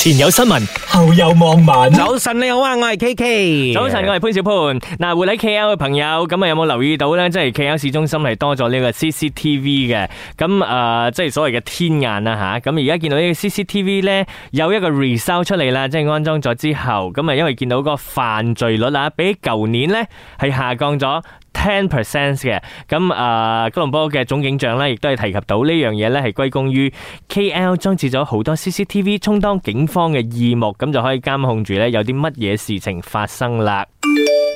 前有新聞，後有網民。早晨你好啊，我係 K K。早晨我係潘小潘。嗱，活喺 K L 嘅朋友，咁啊有冇留意到呢？即係 K L 市中心係多咗呢個 C C T V 嘅。咁啊、呃，即係所謂嘅天眼啊。吓。咁而家見到呢個 C C T V 呢，有一個 result 出嚟啦，即係安裝咗之後，咁啊因為見到個犯罪率啊，比舊年呢，係下降咗，ten percent，嘅，咁啊，吉隆坡嘅總警長咧，亦都係提及到呢樣嘢咧，係歸功於 KL 裝置咗好多 CCTV，充當警方嘅耳目，咁就可以監控住咧有啲乜嘢事情發生啦。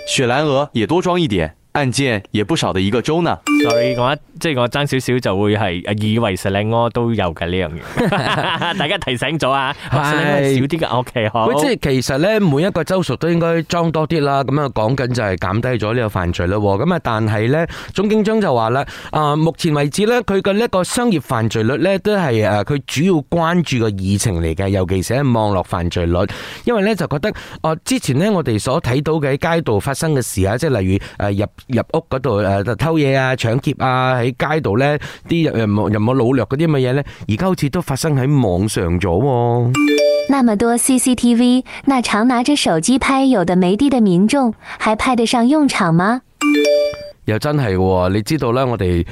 雪蘭莪也多裝一點。案件也不少的一個州呢。sorry 我即係我爭少少就會係以為實你我都有嘅呢樣嘢。 大家提醒咗啊，係少啲嘅。 o、okay, K 好。即係其實咧，每一個州屬都應該裝多啲啦。咁啊，講緊就係、是、減低咗呢個犯罪率咯。咁啊，但係咧，總警長就話咧，啊目前為止咧，佢嘅呢一個商業犯罪率咧都係誒佢主要關注嘅議程嚟嘅，尤其是喺網絡犯罪率，因為咧就覺得啊之前咧我哋所睇到嘅喺街道發生嘅事啊，即係例如誒入。入屋嗰度誒偷嘢啊、搶劫啊，喺街度呢啲又冇又冇老弱嗰啲乜嘢呢？而家好似都發生喺網上咗喎、哦。那麼多 CCTV，那常拿着手機拍有的沒的的民眾，還派得上用場嗎？又真係喎！你知道咧，我哋誒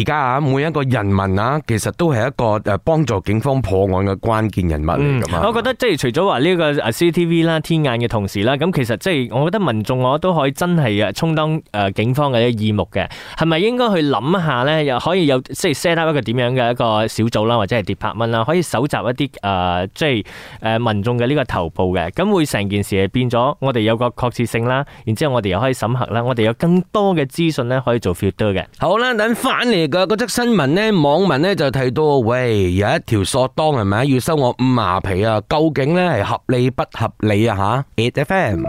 而家啊，每一個人民啊，其實都係一個誒幫助警方破案嘅關鍵人物嚟㗎嘛、嗯、我覺得即係除咗話呢個誒 CCTV 啦、天眼嘅同時啦，咁其實即係我覺得民眾我都可以真係啊充當誒警方嘅一耳目嘅。係咪應該去諗下咧？又可以有即係 set up 一個點樣嘅一個小組啦，或者係 department 啦，可以蒐集一啲誒即係誒民眾嘅呢個頭部嘅，咁會成件事係變咗我哋有個確切性啦。然之後我哋又可以審核啦，我哋有更多嘅。資訊咧可以做 filter 嘅，好啦，等返嚟嘅嗰則新聞咧，網民咧就提到，喂，有一條索當係咪，要收我五麻皮啊，究竟咧係合理不合理啊吓 Ai FM。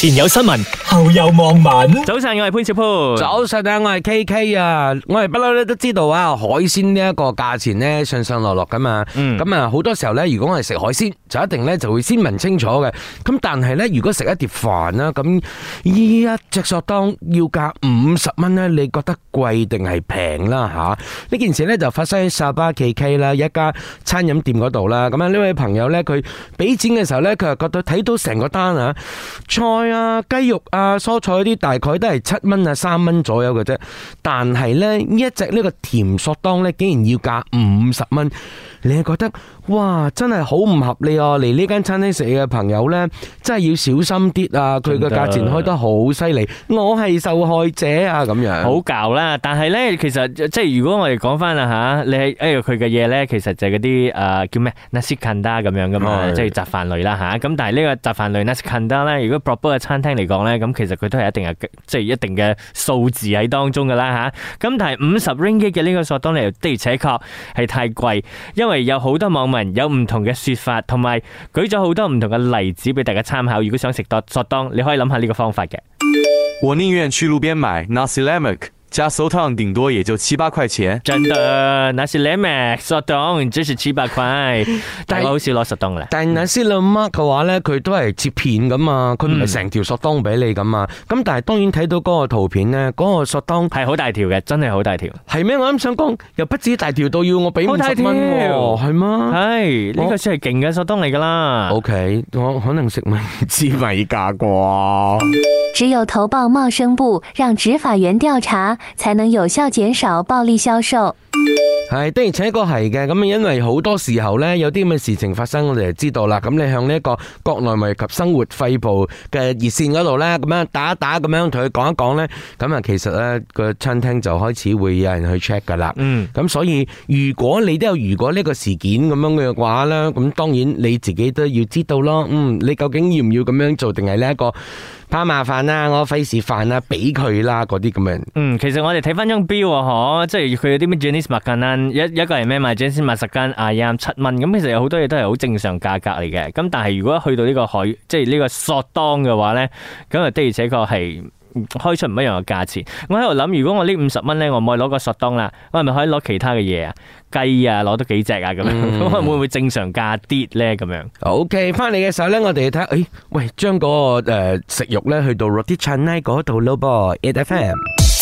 前有新聞，後有網民。早晨，我係潘小佩。早晨啊，我係 K K 啊，我係不嬲咧，都知道啊，海鮮呢一個價錢咧上上落落噶嘛。嗯。咁啊，好多時候咧，如果我哋食海鮮，就一定咧就會先問清楚嘅。咁但係咧，如果食一碟飯啦，咁依一隻索當要價五十蚊咧，你覺得貴定係平啦吓？呢件事咧就發生喺沙巴 K K 啦，一家餐飲店嗰度啦。咁啊，呢位朋友咧，佢俾錢嘅時候咧，佢係覺得睇到成個單啊菜。啊，雞肉啊，蔬菜啲大概都係七蚊啊，三蚊左右嘅啫。但係咧，呢一隻呢個 sotong 呢，竟然要價五十蚊。你係覺得哇，真係好唔合理啊？嚟呢間餐廳食嘅朋友咧，真係要小心啲啊！佢嘅價錢開得好犀利，我係受害者啊！咁樣好搞啦，但係咧，其實即係如果我哋講翻啦吓，你係佢嘅嘢咧，其實就係嗰啲誒叫咩？Nasi Kandar 咁樣噶嘛，即係雜飯類啦吓，咁，但係呢個雜飯類 Nasi Kandar 如果爆煲嘅餐廳嚟講咧，咁其實佢都係一定係即係一定嘅數字喺當中噶啦吓，咁，但係五十 Ringgit 嘅呢個數當然的而且確係太貴，因因為有好多網民有唔同嘅說法，同埋舉咗好多唔同嘅例子俾大家參考。如果想食多 sotong，你可以諗下呢個方法嘅。我寧願去路邊買 加索凍頂多也就七八塊錢，真的，那是你咩？索凍即是七八塊，但係我好少攞索凍啦。但係那些老媽嘅話咧，佢都係切片噶嘛，佢唔係成條索凍俾你噶嘛。咁但係當然睇到嗰個圖片咧，嗰個索凍係好大條嘅，真係好大條。係咩？我諗想講又不止大條到要我俾五十蚊喎？係咩？係呢個算係勁嘅索凍嚟噶啦。OK，我可能食唔知米價啩。 啊只有投報貿生部，讓執法員調查，才能有效減少暴利銷售。係的，而且確係嘅。咁因為好多時候呢，有啲咁嘅事情發生，我哋就知道啦。咁你向呢一個國內咪及生活費部嘅熱線嗰度呢，咁樣打一打，咁樣同佢講一講呢。咁啊，其實呢個餐廳就開始會有人去 check 噶啦。咁所以如果你都有如果呢個事件咁樣嘅話呢，咁當然你自己都要知道咯。嗯，你究竟要唔要咁樣做，定係呢一個怕麻煩啦？我費事煩啦，俾佢啦，嗰啲咁樣。嗯，其實我哋睇翻張表，嗬，即係佢有啲咩 jenis 物一、嗯、一個人咩賣醬先賣十斤，啊，y、嗯、七蚊，咁其實有好多嘢都係好正常價格嚟嘅。咁但係如果去到呢個海，即係呢個索當嘅話咧，咁啊的而且確係開出唔一樣嘅價錢。我喺度諗，如果我呢五十蚊咧，我唔可以攞個索當啦，我係咪可以攞其他嘅嘢啊？雞啊，攞多幾隻啊，咁、嗯、樣，咁會唔會正常價啲咧？咁樣。OK，翻嚟嘅時候咧，我哋睇下，誒、哎，喂，將、那個誒、呃、食肉咧去到 Roti Canai 呢度，Local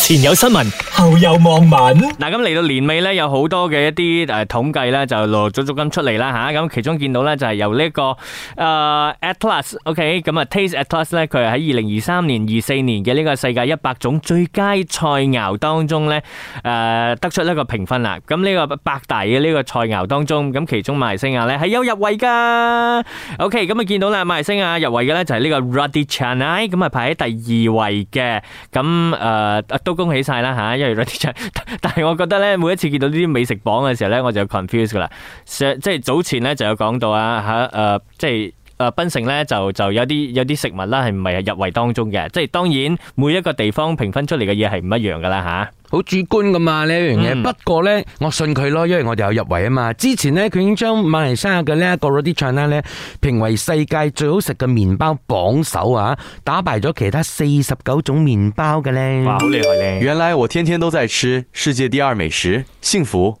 前有新聞，後有網民。嗱，咁嚟到年尾咧，有好多嘅一啲誒統計咧，就陸陸續續咁出嚟啦吓。咁其中見到咧，就係由呢一個誒 Atlas，OK，咁啊 Taste Atlas 咧，佢係喺二零二三年、二四年嘅呢個世界一百種最佳菜肴當中咧，誒得出一個評分啦。咁呢個百大嘅呢個菜肴當中，咁其中馬來西亞咧係有入圍噶。OK，咁啊見到啦，馬來西亞入圍嘅咧就係呢個 Roti Canai，咁啊排喺第二位嘅。咁誒到。恭喜晒啦嚇！因為一月嗰啲出， 但係我覺得咧，每一次見到呢啲美食榜嘅時候咧，我就 confused 噶啦。即係早前咧就有講到啊吓，誒，即係。誒、呃，賓城咧就就有啲有啲食物啦，係唔係入圍當中嘅？即係當然每一個地方評分出嚟嘅嘢係唔一樣噶啦吓，好、啊、主觀噶嘛呢樣嘢，嗯、不過呢，我信佢咯，因為我哋有入圍啊嘛。之前呢，佢已經將馬來西亞嘅呢一個 Roti Canai 咧評為世界最好食嘅麵包榜首啊，打敗咗其他四十九種麵包嘅呢。哇！好厲害呢！原來我天天都在吃世界第二美食，幸福。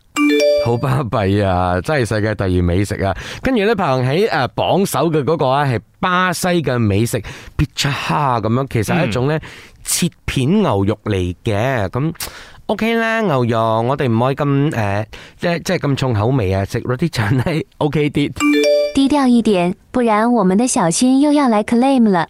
好巴閉啊！真係世界第二美食啊！跟住咧排行喺誒榜首嘅嗰個咧、啊、係巴西嘅美食 Picanha 咁樣，其實係一種咧、嗯、切片牛肉嚟嘅。咁 OK 啦，牛肉我哋唔可以咁誒、呃，即係即係咁重口味啊！食 roti canai 係 OK 啲，低調一點，不然我們的小新又要來 claim 了。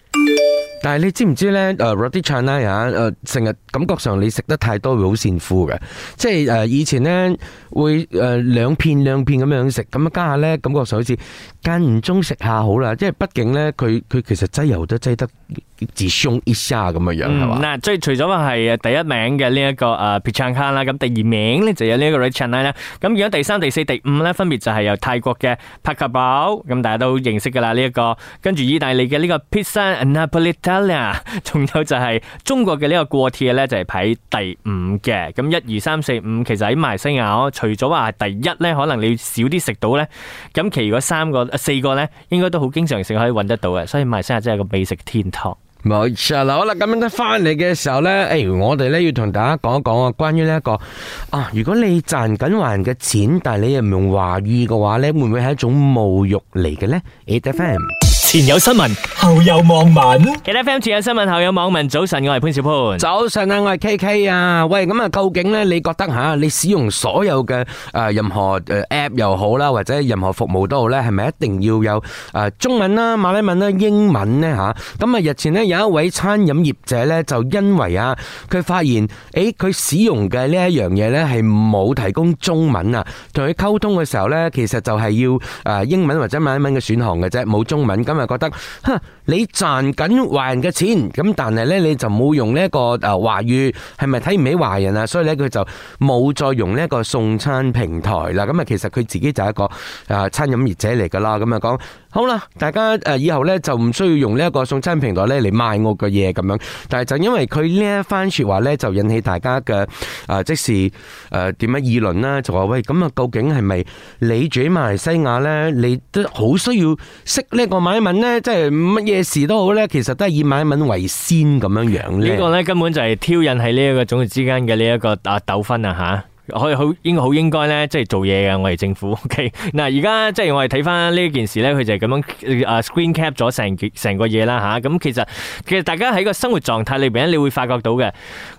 但係你知唔知咧？誒，Roti Canai 啊，誒，成日感覺上你食得太多會好善富嘅，即係誒以前咧會誒兩片兩片咁樣食，咁啊加下咧感覺上好似間唔中食下好啦，即係畢竟咧佢佢其實擠油都擠得自上而下咁嘅樣係嘛？嗱，即係除咗話係啊第一名嘅呢一個啊 Picanha 啦，咁第二名咧就有呢一個 Roti Canai 啦，咁而家第三、第四、第五咧分別就係由泰國嘅 Pakabau，咁大家都認識噶啦呢一個，跟住意大利嘅呢個 Pizza Napoli。仲有就係中國嘅呢個過鐵咧，就係排第五嘅。咁一二三四五，其實喺馬來西亞，除咗話第一咧，可能你要少啲食到咧。咁其餘嗰三個、四個咧，應該都好經常性可以揾得到嘅。所以馬來西亞真係個美食天堂。冇錯啦，好啦，咁樣得翻嚟嘅時候咧，誒、欸，我哋咧要同大家講一講啊、這個，關於呢一個啊，如果你賺緊華人嘅錢，但係你又唔用華語嘅話咧，會唔會係一種侮辱嚟嘅咧？Eight FM。前有新聞，後有網民。其他 FM 前有新聞，後有網民。早晨，我係潘小潘。早晨啊，我係 KK 啊。喂，咁啊，究竟咧，你覺得吓？你使用所有嘅誒，任何誒 App 又好啦，或者任何服務都好咧，係咪一定要有誒中文啦、馬來文啦、英文咧吓？咁啊，日前咧有一位餐飲業者咧，就因為啊，佢發現誒，佢使用嘅呢一樣嘢咧，係冇提供中文啊，同佢溝通嘅時候咧，其實就係要誒英文或者馬來文嘅選項嘅啫，冇中文咁。咪覺得，哈，你賺緊華人嘅錢，咁但係咧你就冇用呢一個誒華語，係咪睇唔起華人啊？所以咧佢就冇再用呢一個送餐平台啦。咁、嗯、啊，其實佢自己就係一個誒、呃、餐飲業者嚟噶啦。咁、嗯、啊，講好啦，大家誒、呃、以後咧就唔需要用呢一個送餐平台咧嚟賣我嘅嘢咁樣。但係就因為佢呢一番說話咧，就引起大家嘅誒、呃、即時誒點、呃、樣議論啦、啊，就話喂，咁、嗯、啊究竟係咪你住喺馬來西亞咧，你都好需要識呢個買即係乜嘢事都好咧，其實都係以買文為先咁樣樣。呢個咧根本就係挑釁喺呢一個種族之間嘅呢一個啊糾紛啊吓。可以好應該好應該咧，即係做嘢嘅我哋政府。OK，嗱而家即係我哋睇返呢一件事咧，佢就係咁樣 screen cap 咗成成個嘢啦吓，咁其實其實大家喺個生活狀態裏邊咧，你會發覺到嘅。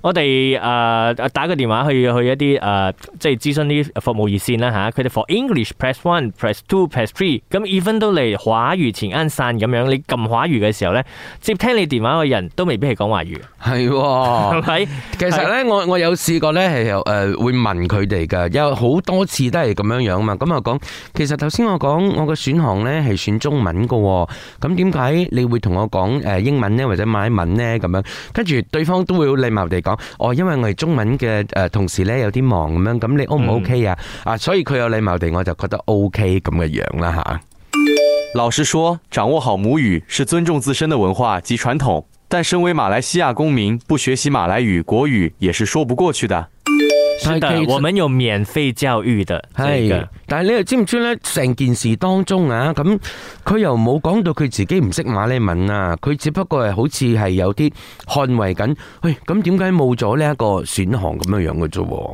我哋誒打個電話去去一啲誒，即係諮詢啲服務熱線啦吓，佢哋 for English press one press two press three，咁 even 都嚟華語前啱散咁樣。你撳華語嘅時候咧，接聽你電話嘅人都未必係講華語。係係咪？ 吧其實咧，我我有試過咧係有誒、呃、會問。佢哋噶有好多次都係咁樣樣嘛，咁啊講，其實頭先我講我嘅選項咧係選中文噶，咁點解你會同我講誒英文，文呢？或者買文呢？咁樣？跟住對方都會好禮貌地講，哦，因為我係中文嘅誒，同事咧有啲忙咁樣，咁你 O 唔 O K 啊？啊、嗯，所以佢有禮貌地我就覺得 O K 咁嘅樣啦吓。老實說，掌握好母語是尊重自身嘅文化及傳統，但身為馬來西亞公民，不學習馬來語國語也是說不過去的。我們用免費教育的，係的、這個。但係你又知唔知咧？成件事當中啊，咁佢又冇講到佢自己唔識馬來文啊，佢只不過係好似係有啲捍衛緊，喂咁點解冇咗呢一個選項咁樣樣嘅啫？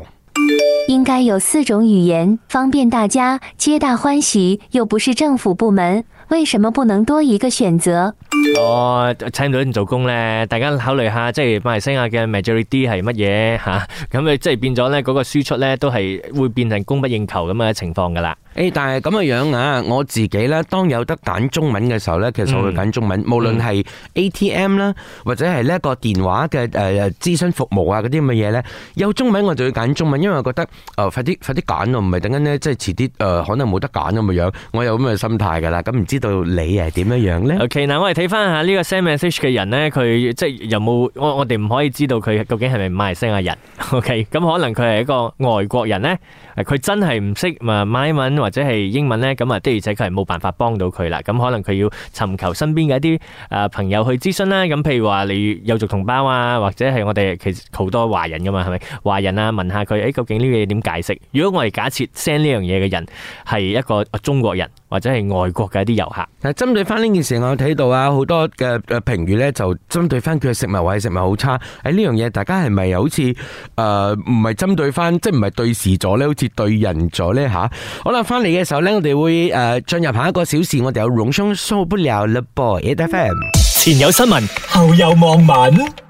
應該有四種語言，方便大家，皆大歡喜，又不是政府部門，為什麼不能多一個選擇？哦，搵唔到人做工咧，大家考慮下，即係馬來西亞嘅 majority 係乜嘢吓？咁你即係變咗咧，嗰個輸出咧都係會變成供不應求咁嘅情況噶啦。誒，但係咁嘅樣啊，我自己咧，當有得揀中文嘅時候咧，其實我會揀中文，無論係 ATM 啦，或者係呢一個電話嘅誒諮詢服務啊，嗰啲咁嘅嘢咧，有中文我就要揀中文，因為我覺得誒快啲快啲揀咯，唔係等緊咧即係遲啲誒可能冇得揀咁嘅樣。我有咁嘅心態噶啦，咁唔知道你係點樣樣咧？OK，嗱，我嚟睇翻。啦！呢個 send message 嘅人咧，佢即係有冇，我我哋唔可以知道佢究竟係咪馬來西亞人？OK，咁可能佢係一個外國人咧，佢真係唔識啊馬來文或者係英文咧，咁啊的而且確係冇辦法幫到佢啦。咁可能佢要尋求身邊嘅一啲啊朋友去諮詢啦。咁譬如話，你有族同胞啊，或者係我哋其實好多華人噶嘛，係咪華人啊？問下佢，誒究竟呢個嘢點解釋？如果我哋假設 send 呢樣嘢嘅人係一個中國人。或者係外國嘅一啲遊客，但係針對翻呢件事，我睇到、哎這個是是呃、啊，好多嘅誒評語咧，就針對翻佢嘅食物或者食物好差。喺呢樣嘢，大家係咪又好似誒唔係針對翻，即係唔係對事咗咧，好似對人咗咧吓？好啦，翻嚟嘅時候咧，我哋會誒進、呃、入下一個小時，我哋有榮兄受不了了噃 F M 前有新聞，後有網民。